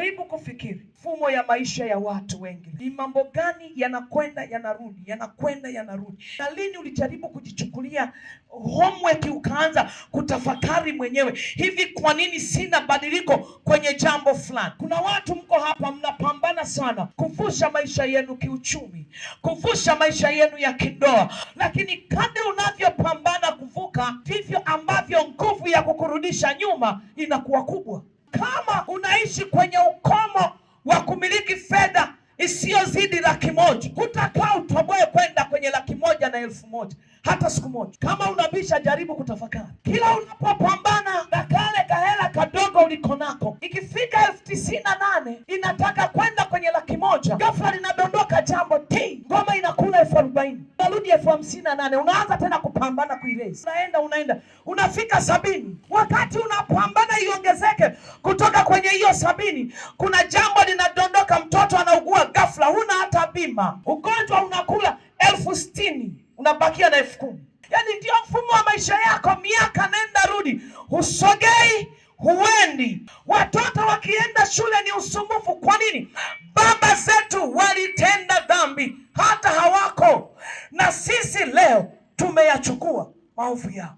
Jaribu kufikiri mfumo ya maisha ya watu wengi, ni mambo gani yanakwenda yanarudi, yanakwenda yanarudi? Na lini ulijaribu kujichukulia homework ukaanza kutafakari mwenyewe, hivi kwa nini sina badiliko kwenye jambo fulani? Kuna watu mko hapa mnapambana sana kuvusha maisha yenu kiuchumi, kuvusha maisha yenu ya kindoa, lakini kadri unavyopambana kuvuka, vivyo ambavyo nguvu ya kukurudisha nyuma inakuwa kubwa. Kama unaishi kwenye kumiliki fedha isiyozidi laki moja. Hutakaa utoboe kwenda kwenye laki moja na elfu moja hata siku moja. Kama unabisha, jaribu kutafakari kila unapopambana na kale kahela kadogo uliko nako. Ikifika elfu tisini na nane inataka kwenda kwenye laki moja, ghafla linadondoka jambo ti, ngoma inakula elfu arobaini unarudi elfu hamsini na nane unaanza tena kupambana kuirezi, unaenda unaenda, unafika sabini. Wakati unapambana iongezeke kutoka kwenye hiyo sabini, kuna jambo lina mzima, ugonjwa unakula elfu sitini unabakia na elfu kumi Yaani ndio mfumo wa maisha yako, miaka nenda rudi, husogei, huendi. Watoto wakienda shule ni usumbufu. Kwa nini? Baba zetu walitenda dhambi hata hawako, na sisi leo tumeyachukua maovu yao.